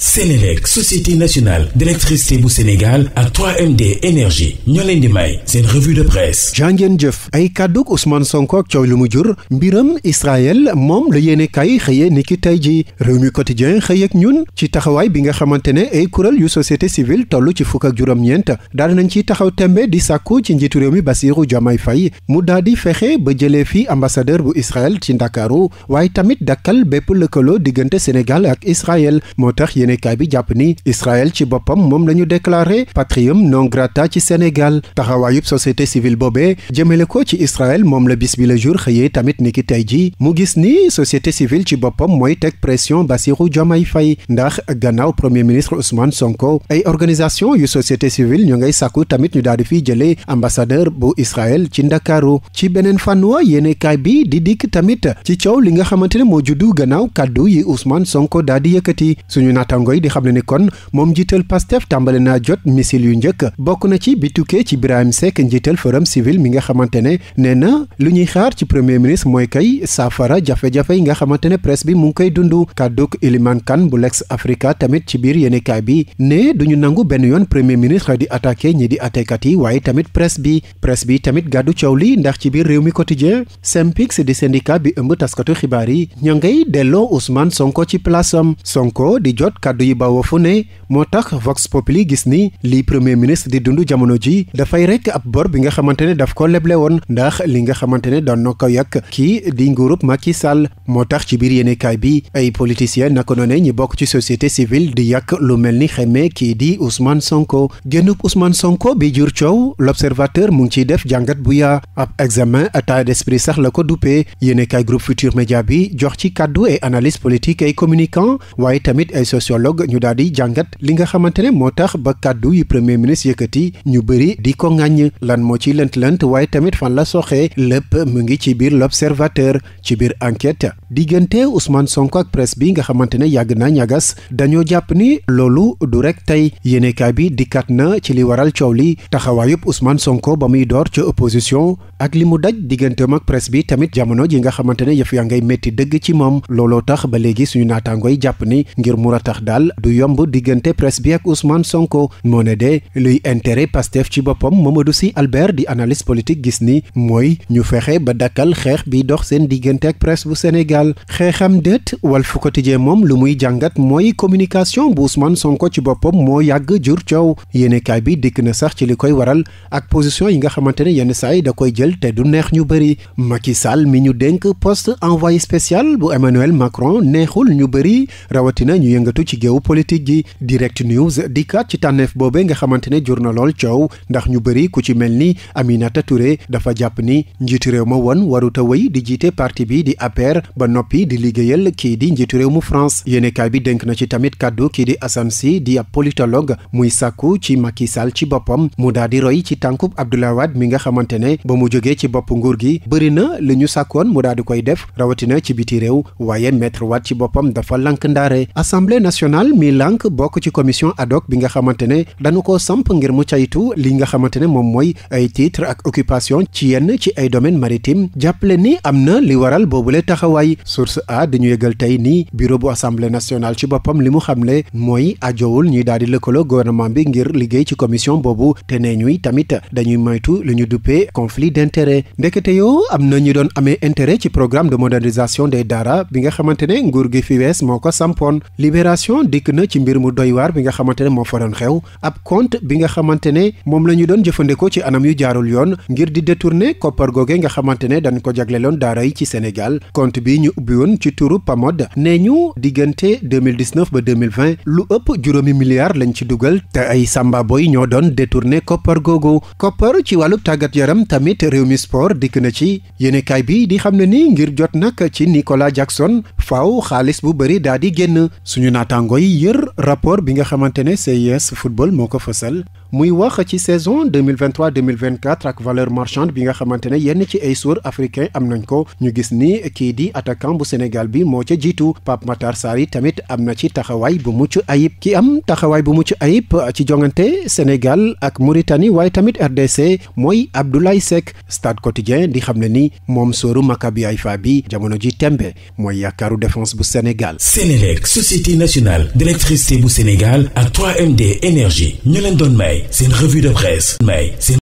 Sénélec société nationale d'électricité bu Sénégal ak 3MD énergie ñoo leen di may seen revue de presse jàngeen jëf ay kàdduk Ousmane Sonko ak coow lu mu jur mbiram Israël moom la yéene kay xëye ni ki tey ji réew mi quotidien xëy ak ñun ci taxawaay bi nga xamante ne ay kuréel yu société civile toll ci fukk ak juróom-ñeent daal nañ ciy taxaw tembe di sàkku ci njiitu réew mi Bassirou Diomaye fay mu daal di fexe ba jëlee fi ambassadeur bu Israël ci Ndakaaru waaye tamit dakkal bépp lëkkaloo diggante Sénégal ak Israël moo tax yéenekaay bi jàpp ni Israël ci boppam moom la ñu déclaré patrium non grata ci Sénégal taxawaayub société civile boobee jëmale ko ci Israël moom la bis bi la jour xëyee tamit niki tey ji mu gis ni société civile ci boppam mooy teg pression Bassirou Diomaye Faye ndax gannaaw premier ministre Ousmane Sonko ay organisation yu société civile ñu ngay sàkku tamit ñu daal di fiy jëlee ambassadeur bu Israël ci Ndakaaru ci beneen fànn wa bi di dikk tamit ci coow li nga xamante ne moo juddu gannaaw kàddu yi Ousmane Sonko daal di suñu naata naataango yi di xam ne kon moom njiital Pastef tàmbale naa jot missile yu njëkk bokk na ci bi tukkee ci Birahim Seck njiital Forum Civil mi nga xamante ne nee na lu ñuy xaar ci premier ministre mooy kay saafara jafe-jafe yi nga xamante ne presse bi mu ngi koy dund kàdduk Iliman bu Lex Africa tamit ci biir yéenekaay bi ne ñu nangu benn yoon premier ministre di attaqué ñi di attekat yi waaye tamit presse bi presse bi tamit gàddu coow li ndax ci biir réew mi quotidien SYNPICS di syndicat bi ëmb taskatu xibaar yi ña ngay delloo Ousmane Sonko ci place am Sonko di jot kàddu yi bawoo fu ne moo tax Vox Populi gis ni lii premier ministre di dund jamono ji dafay rek ab bor bi nga xamante ne daf ko leble woon ndax li nga xamante ne doon na ko yàq kii di nguurub Macky Sall moo tax ci biir yéenekaay bi ay politiciens na noone ñi bokk ci société civile di yàq lu mel ni xeme kii di Ousmane Sonko génnub Ousmane Sonko bi jur coow l'observateur mu ngi ciy def jàngat bu yaa ab examen état d'esprit sax la ko duppee yéenekaay groupe Futur Média bi jox ci kàddu ay analyse politologue ñu daal di jàngat li nga xamante ne moo tax ba kàddu yi premier ministre yëkkati ñu bëri di ko ŋàññ lan moo ci lënt-lënt waaye tamit fan la soxee lépp mu ngi ci biir l'observateur ci biir enquête diggante Ousmane Sonko ak presse bi nga xamante ne yàgg naa ñagas dañoo jàpp ni loolu du rek tey yéenekaay bi dikkat na ci li waral coow li taxawaayub Ousmane Sonko ba muy door ca opposition ak li mu daj digganteem ak presse bi tamit jamono ji nga xamante ne yëf yaa ngay métti dëgg ci moom looloo tax ba léegi suñu naataangooy jàpp ngir mur daal du yomb diggante presse bi ak Ousmane Sonko moo ne de luy intérêt Pastef ci boppam Mamadou Sy Albert di analyste politique gis ni mooy ñu fexe ba dakkal xeex bi dox seen diggante ak presse bu Sénégal xeexam déet Walf Quotidien moom lu muy jàngat mooy communication bu Ousmane Sonko ci boppam moo yàgg jur coow yéenekaay bi dikk na sax ci li koy waral ak position yi nga xamante ne yenn saa yi da koy jël te du neex ñu bëri Macky Sall mi ñu dénk poste envoyé ci géew géopolitique gi direct news dikkaat ci tànneef boobe nga xamante ne jur na lool coow ndax ñu bëri ku ci mel ni Aminata Touré dafa jàpp ni njiitu réew ma woon waruta wéy di jiite parti bi di APR ba noppi di liggéeyal kii di njiitu réew mu France yéenekaay bi dénk na ci tamit kàddu kii di Assane si di ab politologue muy sàkku ci Macky Sall ci boppam mu daal di roy ci tànkub Abdoulaye Wade mi nga xamante ne ba mu jógee ci bopp nguur gi bëri na li ñu sàkkoon mu daal di koy def rawatina ci biti réew waaye maître ci boppam dafa lank nationale mi lànk bokk ci commission ad hoc bi nga xamante ne dañu ko samp ngir mu caytu li nga xamante ne moom mooy ay titre ak occupation ci yenn ci ay domaine maritime jàppale ni am na li waral boobule taxawaay source a dañu yëgal tey ni bureau bu assemblée nationale ci boppam li mu xamle mooy ajowul ñuy daal di lëkkaloo gouvernement bi ngir liggéey ci commission boobu te nee ñuy tamit dañuy moytu li ñu duppee conflit d'intérêt ndekete yoo am na ñu doon amee intérêt ci programme de modernisation des daara bi nga xamante ne nguur gi fi moo ko sampoon libération libération dikk na ci mbir mu doywaar bi nga xamante ne moo fa doon xew ab compte bi nga xamante ne moom la ñu doon jëfandikoo ci anam yu jaarul yoon ngir di détourner koppar googe nga xamante ne dañ ko jagleloon daara ci Sénégal compte bi ñu ubbi woon ci turu Pamod nee ñu diggante 2019 ba 2020 lu ëpp juróomi milliards lañ ci dugal te ay Samba Boy ñoo doon détourner koppar googu koppar ci wàllu tàggat yaram tamit réew mi sport dikk na ci yéenekaay bi di xam ne ni ngir jot nag ci Nicolas Jackson faaw xaalis bu bëri daa di génn suñu naata naataango yi yër rapport bi nga xamante ne CIS football moo ko fësal muy wax ci saison 2023 2024 ak valeur marchande bi nga xamante ne yenn ci ay suur africain am nañ ko ñu gis ni kii di attaquant bu Sénégal bi moo ca jiitu Pape Matar Sarr tamit am na ci taxawaay bu mucc ayib ki am taxawaay bu mucc ayib ci jongante Sénégal ak Mauritanie waaye tamit RDC mooy Abdoulaye Seck Stade Quotidien di xam ne ni moom sóoru Maccabi Haifa bi jamono ji tembe mooy yaakaaru défense bu Sénégal. Sénélec société nationale d'électricité bu Sénégal ak 3MD énergie ñu leen doon may. may seen revue de presse may seen